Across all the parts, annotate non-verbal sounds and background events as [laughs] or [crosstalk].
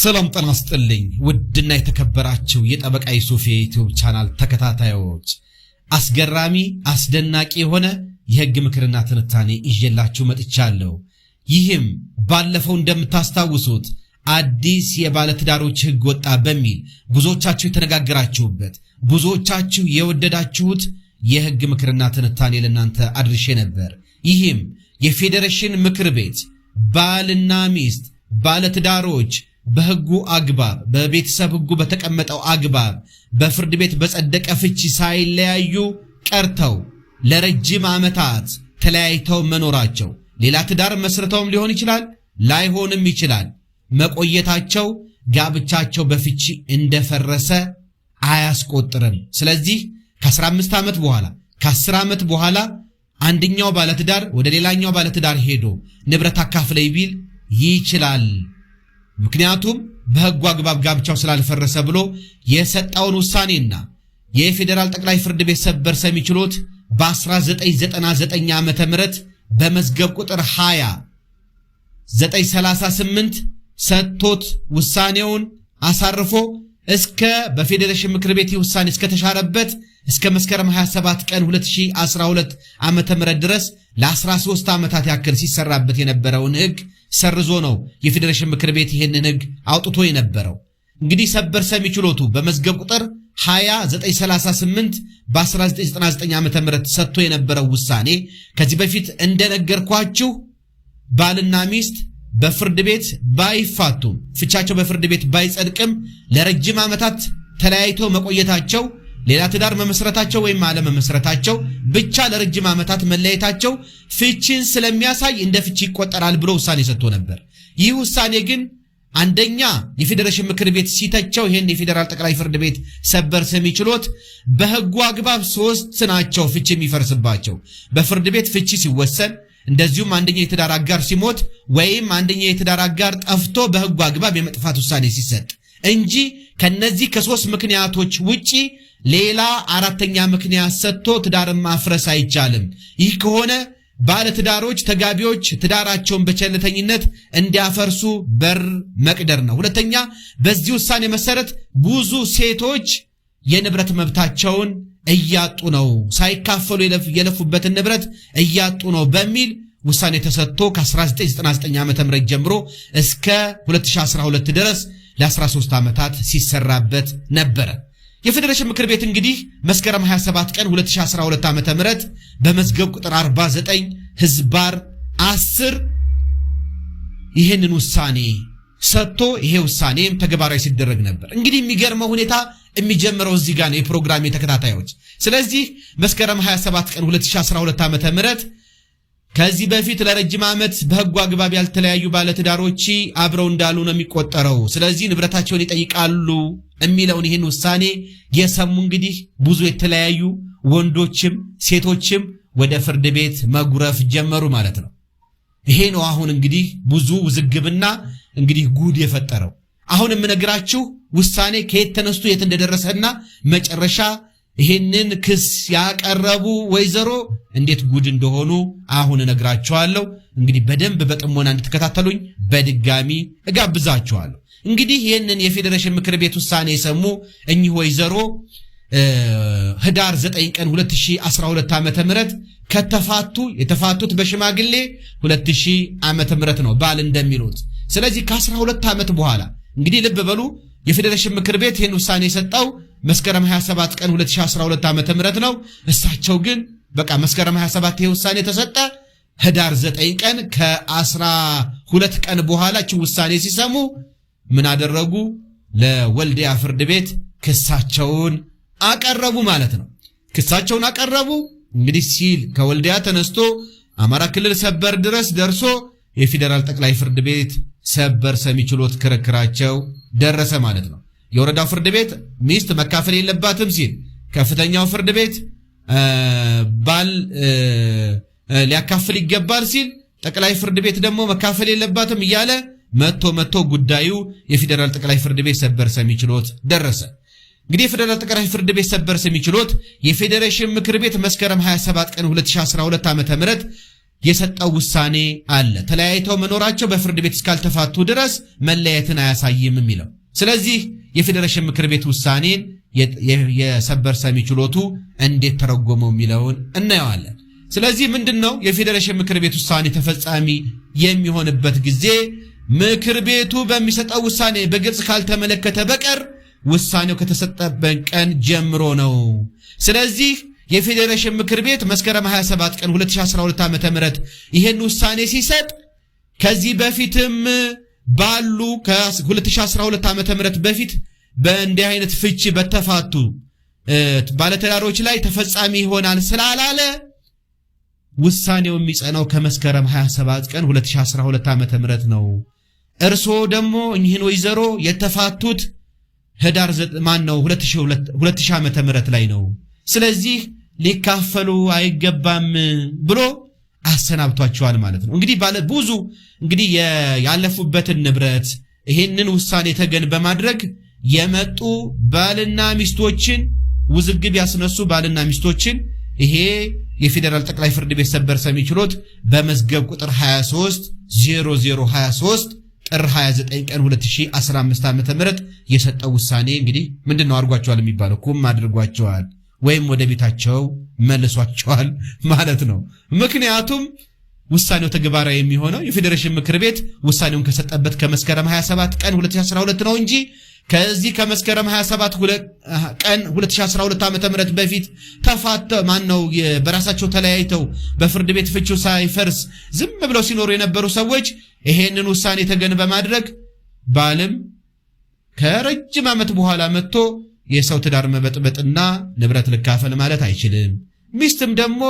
ሰላም ጠና ስጥልኝ ውድና የተከበራችሁ የጠበቃ ዩሱፍ የዩቲዩብ ቻናል ተከታታዮች አስገራሚ አስደናቂ የሆነ የህግ ምክርና ትንታኔ ይዤላችሁ መጥቻለሁ። ይህም ባለፈው እንደምታስታውሱት አዲስ የባለትዳሮች ህግ ወጣ በሚል ብዙዎቻችሁ የተነጋገራችሁበት ብዙዎቻችሁ የወደዳችሁት የህግ ምክርና ትንታኔ ለእናንተ አድርሼ ነበር። ይህም የፌዴሬሽን ምክር ቤት ባልና ሚስት ባለትዳሮች በህጉ አግባብ በቤተሰብ ህጉ በተቀመጠው አግባብ በፍርድ ቤት በጸደቀ ፍቺ ሳይለያዩ ቀርተው ለረጅም ዓመታት ተለያይተው መኖራቸው ሌላ ትዳር መስርተውም ሊሆን ይችላል፣ ላይሆንም ይችላል። መቆየታቸው ጋብቻቸው በፍቺ እንደፈረሰ አያስቆጥርም። ስለዚህ ከ15 ዓመት በኋላ ከ10 ዓመት በኋላ አንደኛው ባለትዳር ወደ ሌላኛው ባለትዳር ሄዶ ንብረት አካፍለይ ቢል ይችላል። ምክንያቱም በሕጉ አግባብ ጋብቻው ስላልፈረሰ ብሎ የሰጠውን ውሳኔና የፌዴራል ጠቅላይ ፍርድ ቤት ሰበር ሰሚ ችሎት በ1999 ዓ ም በመዝገብ ቁጥር 20 938 ሰጥቶት ውሳኔውን አሳርፎ እስከ በፌዴሬሽን ምክር ቤት ውሳኔ እስከተሻረበት እስከ መስከረም 27 ቀን 2012 ዓ ም ድረስ ለ13 ዓመታት ያክል ሲሰራበት የነበረውን ሕግ ሰርዞ ነው የፌዴሬሽን ምክር ቤት ይህንን ህግ አውጥቶ የነበረው። እንግዲህ ሰበር ሰሚ ችሎቱ በመዝገብ ቁጥር 2938 በ1999 ዓ ም ሰጥቶ የነበረው ውሳኔ ከዚህ በፊት እንደነገርኳችሁ ባልና ሚስት በፍርድ ቤት ባይፋቱም ፍቻቸው በፍርድ ቤት ባይጸድቅም ለረጅም ዓመታት ተለያይቶ መቆየታቸው ሌላ ትዳር መመስረታቸው ወይም አለመመስረታቸው ብቻ ለረጅም ዓመታት መለየታቸው ፍቺን ስለሚያሳይ እንደ ፍቺ ይቆጠራል ብሎ ውሳኔ ሰጥቶ ነበር። ይህ ውሳኔ ግን አንደኛ የፌዴሬሽን ምክር ቤት ሲተቸው ይህን የፌዴራል ጠቅላይ ፍርድ ቤት ሰበር ሰሚ ችሎት በሕጉ አግባብ ሶስት ናቸው ፍቺ የሚፈርስባቸው በፍርድ ቤት ፍቺ ሲወሰን እንደዚሁም አንደኛ የትዳር አጋር ሲሞት ወይም አንደኛ የትዳር አጋር ጠፍቶ በሕጉ አግባብ የመጥፋት ውሳኔ ሲሰጥ እንጂ ከነዚህ ከሶስት ምክንያቶች ውጪ ሌላ አራተኛ ምክንያት ሰጥቶ ትዳርን ማፍረስ አይቻልም። ይህ ከሆነ ባለ ትዳሮች ተጋቢዎች ትዳራቸውን በቸልተኝነት እንዲያፈርሱ በር መቅደር ነው። ሁለተኛ፣ በዚህ ውሳኔ መሰረት ብዙ ሴቶች የንብረት መብታቸውን እያጡ ነው፣ ሳይካፈሉ የለፉበትን ንብረት እያጡ ነው በሚል ውሳኔ ተሰጥቶ ከ1999 ዓ ም ጀምሮ እስከ 2012 ድረስ ለ13 ዓመታት ሲሰራበት ነበረ። የፌዴሬሽን ምክር ቤት እንግዲህ መስከረም 27 ቀን 2012 ዓ ም በመዝገብ ቁጥር 49 ህዝባር 10 ይህንን ውሳኔ ሰጥቶ ይሄ ውሳኔም ተግባራዊ ሲደረግ ነበር። እንግዲህ የሚገርመው ሁኔታ የሚጀምረው እዚህ ጋር ነው፣ የፕሮግራሜ ተከታታዮች። ስለዚህ መስከረም 27 ቀን 2012 ዓ ም ከዚህ በፊት ለረጅም ዓመት በሕጉ አግባብ ያልተለያዩ ባለትዳሮች አብረው እንዳሉ ነው የሚቆጠረው። ስለዚህ ንብረታቸውን ይጠይቃሉ የሚለውን ይህን ውሳኔ የሰሙ እንግዲህ ብዙ የተለያዩ ወንዶችም ሴቶችም ወደ ፍርድ ቤት መጉረፍ ጀመሩ ማለት ነው። ይሄ ነው አሁን እንግዲህ ብዙ ውዝግብና እንግዲህ ጉድ የፈጠረው። አሁን የምነግራችሁ ውሳኔ ከየት ተነስቶ የት እንደደረሰና መጨረሻ ይህንን ክስ ያቀረቡ ወይዘሮ እንዴት ጉድ እንደሆኑ አሁን እነግራቸዋለሁ። እንግዲህ በደንብ በጥሞና እንድትከታተሉኝ በድጋሚ እጋብዛቸዋለሁ። እንግዲህ ይህንን የፌዴሬሽን ምክር ቤት ውሳኔ የሰሙ እኚህ ወይዘሮ ህዳር 9 ቀን 2012 ዓ ም ከተፋቱ የተፋቱት በሽማግሌ 2000 ዓ ም ነው ባል እንደሚሉት። ስለዚህ ከ12 ዓመት በኋላ እንግዲህ ልብ በሉ የፌዴሬሽን ምክር ቤት ይህን ውሳኔ የሰጠው መስከረም 27 ቀን 2012 ዓ ም ነው። እሳቸው ግን በቃ መስከረም 27 ይሄ ውሳኔ ተሰጠ። ህዳር 9 ቀን ከ12 ቀን በኋላ በኋላችን ውሳኔ ሲሰሙ ምን አደረጉ? ለወልዲያ ፍርድ ቤት ክሳቸውን አቀረቡ ማለት ነው። ክሳቸውን አቀረቡ እንግዲህ ሲል ከወልዲያ ተነስቶ አማራ ክልል ሰበር ድረስ ደርሶ የፌዴራል ጠቅላይ ፍርድ ቤት ሰበር ሰሚ ችሎት ክርክራቸው ደረሰ ማለት ነው። የወረዳው ፍርድ ቤት ሚስት መካፈል የለባትም ሲል፣ ከፍተኛው ፍርድ ቤት ባል ሊያካፍል ይገባል ሲል፣ ጠቅላይ ፍርድ ቤት ደግሞ መካፈል የለባትም እያለ መጥቶ መጥቶ ጉዳዩ የፌዴራል ጠቅላይ ፍርድ ቤት ሰበር ሰሚ ችሎት ደረሰ። እንግዲህ የፌዴራል ጠቅላይ ፍርድ ቤት ሰበር ሰሚ ችሎት የፌዴሬሽን ምክር ቤት መስከረም 27 ቀን 2012 ዓ ም የሰጠው ውሳኔ አለ። ተለያይተው መኖራቸው በፍርድ ቤት እስካልተፋቱ ድረስ መለያየትን አያሳይም የሚለው ስለዚህ የፌዴሬሽን ምክር ቤት ውሳኔን የሰበር ሰሚ ችሎቱ እንዴት ተረጎመው የሚለውን እናየዋለን። ስለዚህ ምንድን ነው የፌዴሬሽን ምክር ቤት ውሳኔ ተፈጻሚ የሚሆንበት ጊዜ ምክር ቤቱ በሚሰጠው ውሳኔ በግልጽ ካልተመለከተ በቀር ውሳኔው ከተሰጠበት ቀን ጀምሮ ነው። ስለዚህ የፌዴሬሽን ምክር ቤት መስከረም 27 ቀን 2012 ዓ.ም ይህን ውሳኔ ሲሰጥ ከዚህ በፊትም ባሉ ከ2012 ዓ ም በፊት በእንዲህ አይነት ፍቺ በተፋቱ ባለተዳሮች ላይ ተፈጻሚ ይሆናል ስላላለ ውሳኔው የሚጸናው ከመስከረም 27 ቀን 2012 ዓ ም ነው። እርስዎ ደግሞ እኚህን ወይዘሮ የተፋቱት ህዳር ማን ነው 2000 ዓ ም ላይ ነው። ስለዚህ ሊካፈሉ አይገባም ብሎ አሰናብቷቸዋል ማለት ነው። እንግዲህ ባለ ብዙ እንግዲህ ያለፉበትን ንብረት ይሄንን ውሳኔ ተገን በማድረግ የመጡ ባልና ሚስቶችን ውዝግብ ያስነሱ ባልና ሚስቶችን ይሄ የፌዴራል ጠቅላይ ፍርድ ቤት ሰበር ሰሚ ችሎት በመዝገብ ቁጥር 23 0023 ጥር 29 ቀን 2015 ም የሰጠው ውሳኔ እንግዲህ ምንድን ነው አድርጓቸዋል የሚባለው ኩም አድርጓቸዋል ወይም ወደ ቤታቸው መልሷቸዋል [laughs] ማለት ነው። ምክንያቱም ውሳኔው ተግባራዊ የሚሆነው የፌዴሬሽን ምክር ቤት ውሳኔውን ከሰጠበት ከመስከረም 27 ቀን 2012 ነው እንጂ ከዚህ ከመስከረም 27 ቀን 2012 ዓ.ም በፊት ተፋተ ማን ነው በራሳቸው ተለያይተው በፍርድ ቤት ፍቺው ሳይፈርስ ዝም ብለው ሲኖሩ የነበሩ ሰዎች ይሄንን ውሳኔ ተገን በማድረግ ባልም ከረጅም ዓመት በኋላ መጥቶ የሰው ትዳር መበጥበጥና ንብረት ልካፈል ማለት አይችልም። ሚስትም ደግሞ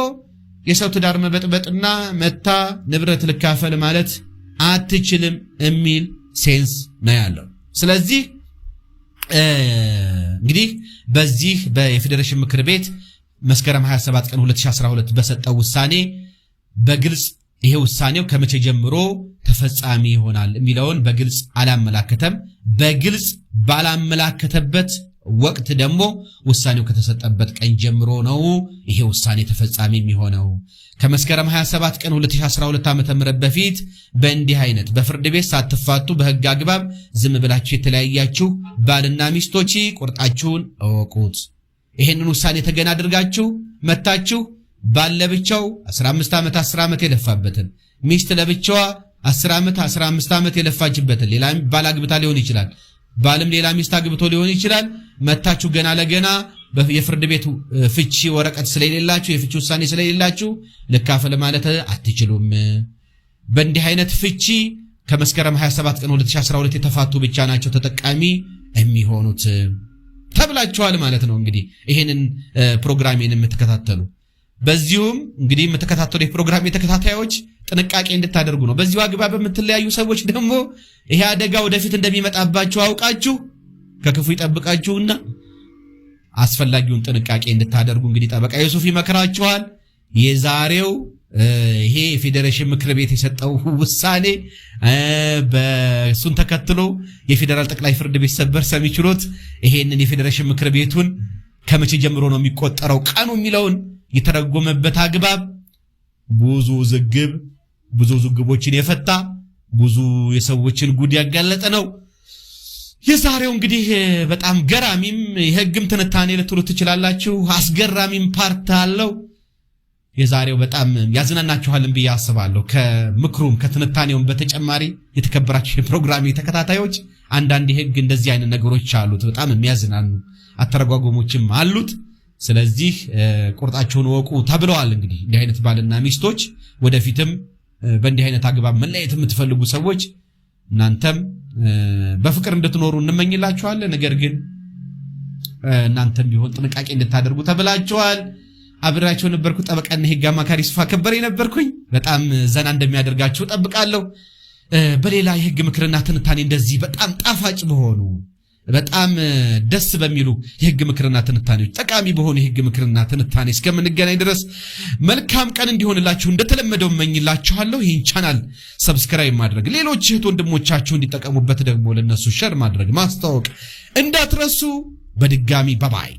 የሰው ትዳር መበጥበጥና መታ ንብረት ልካፈል ማለት አትችልም የሚል ሴንስ ነው ያለው። ስለዚህ እንግዲህ በዚህ የፌዴሬሽን ምክር ቤት መስከረም 27 ቀን 2012 በሰጠው ውሳኔ በግልጽ ይሄ ውሳኔው ከመቼ ጀምሮ ተፈጻሚ ይሆናል የሚለውን በግልጽ አላመላከተም። በግልጽ ባላመላከተበት ወቅት ደግሞ ውሳኔው ከተሰጠበት ቀን ጀምሮ ነው ይሄ ውሳኔ ተፈጻሚ የሚሆነው። ከመስከረም 27 ቀን 2012 ዓ ም በፊት በእንዲህ አይነት በፍርድ ቤት ሳትፋቱ በህግ አግባብ ዝም ብላችሁ የተለያያችሁ ባልና ሚስቶች ቁርጣችሁን እወቁት። ይህንን ውሳኔ ተገና አድርጋችሁ መታችሁ ባል ለብቻው 15 ዓመት 10 ዓመት የለፋበትን ሚስት ለብቻዋ 10 ዓመት 15 ዓመት የለፋችበትን ሌላ ባል አግብታ ሊሆን ይችላል። ባልም ሌላ ሚስት አግብቶ ሊሆን ይችላል። መታችሁ ገና ለገና የፍርድ ቤት ፍቺ ወረቀት ስለሌላችሁ የፍቺ ውሳኔ ስለሌላችሁ ልካፈል ማለት አትችሉም። በእንዲህ አይነት ፍቺ ከመስከረም 27 ቀን 2012 የተፋቱ ብቻ ናቸው ተጠቃሚ የሚሆኑት ተብላችኋል ማለት ነው። እንግዲህ ይህንን ፕሮግራሜን የምትከታተሉ በዚሁም እንግዲህ የምትከታተሉ የፕሮግራሜ ተከታታዮች ጥንቃቄ እንድታደርጉ ነው። በዚሁ አግባብ የምትለያዩ ሰዎች ደግሞ ይሄ አደጋ ወደፊት እንደሚመጣባችሁ አውቃችሁ ከክፉ ይጠብቃችሁና አስፈላጊውን ጥንቃቄ እንድታደርጉ እንግዲህ ጠበቃ ዮሱፍ ይመክራችኋል። የዛሬው ይሄ የፌዴሬሽን ምክር ቤት የሰጠው ውሳኔ በእሱን ተከትሎ የፌዴራል ጠቅላይ ፍርድ ቤት ሰበር ሰሚ ችሎት ይሄንን የፌዴሬሽን ምክር ቤቱን ከመቼ ጀምሮ ነው የሚቆጠረው ቀኑ የሚለውን የተረጎመበት አግባብ ብዙ ዝግብ ብዙ ዝግቦችን የፈታ ብዙ የሰዎችን ጉድ ያጋለጠ ነው። የዛሬው እንግዲህ በጣም ገራሚም የህግም ትንታኔ ልትሉ ትችላላችሁ። አስገራሚም ፓርት አለው። የዛሬው በጣም ያዝናናችኋልን ብዬ አስባለሁ። ከምክሩም ከትንታኔውም በተጨማሪ የተከበራችሁ የፕሮግራሚ ተከታታዮች፣ አንዳንድ የህግ እንደዚህ አይነት ነገሮች አሉት፣ በጣም የሚያዝናኑ አተረጓጎሞችም አሉት። ስለዚህ ቁርጣቸውን ወቁ ተብለዋል። እንግዲህ እንዲህ አይነት ባልና ሚስቶች ወደፊትም በእንዲህ አይነት አግባብ መለየት የምትፈልጉ ሰዎች እናንተም በፍቅር እንድትኖሩ እንመኝላችኋለን። ነገር ግን እናንተም ቢሆን ጥንቃቄ እንድታደርጉ ተብላችኋል። አብሬያቸው ነበርኩ። ጠበቃና ሕግ አማካሪ ስፋ ከበረ የነበርኩኝ። በጣም ዘና እንደሚያደርጋችሁ ጠብቃለሁ። በሌላ የሕግ ምክርና ትንታኔ እንደዚህ በጣም ጣፋጭ በሆኑ በጣም ደስ በሚሉ የህግ ምክርና ትንታኔዎች ጠቃሚ በሆኑ የህግ ምክርና ትንታኔ እስከምንገናኝ ድረስ መልካም ቀን እንዲሆንላችሁ እንደተለመደው መኝላችኋለሁ። ይህን ቻናል ሰብስክራይብ ማድረግ፣ ሌሎች እህት ወንድሞቻችሁ እንዲጠቀሙበት ደግሞ ለነሱ ሸር ማድረግ ማስታወቅ እንዳትረሱ። በድጋሚ በባይ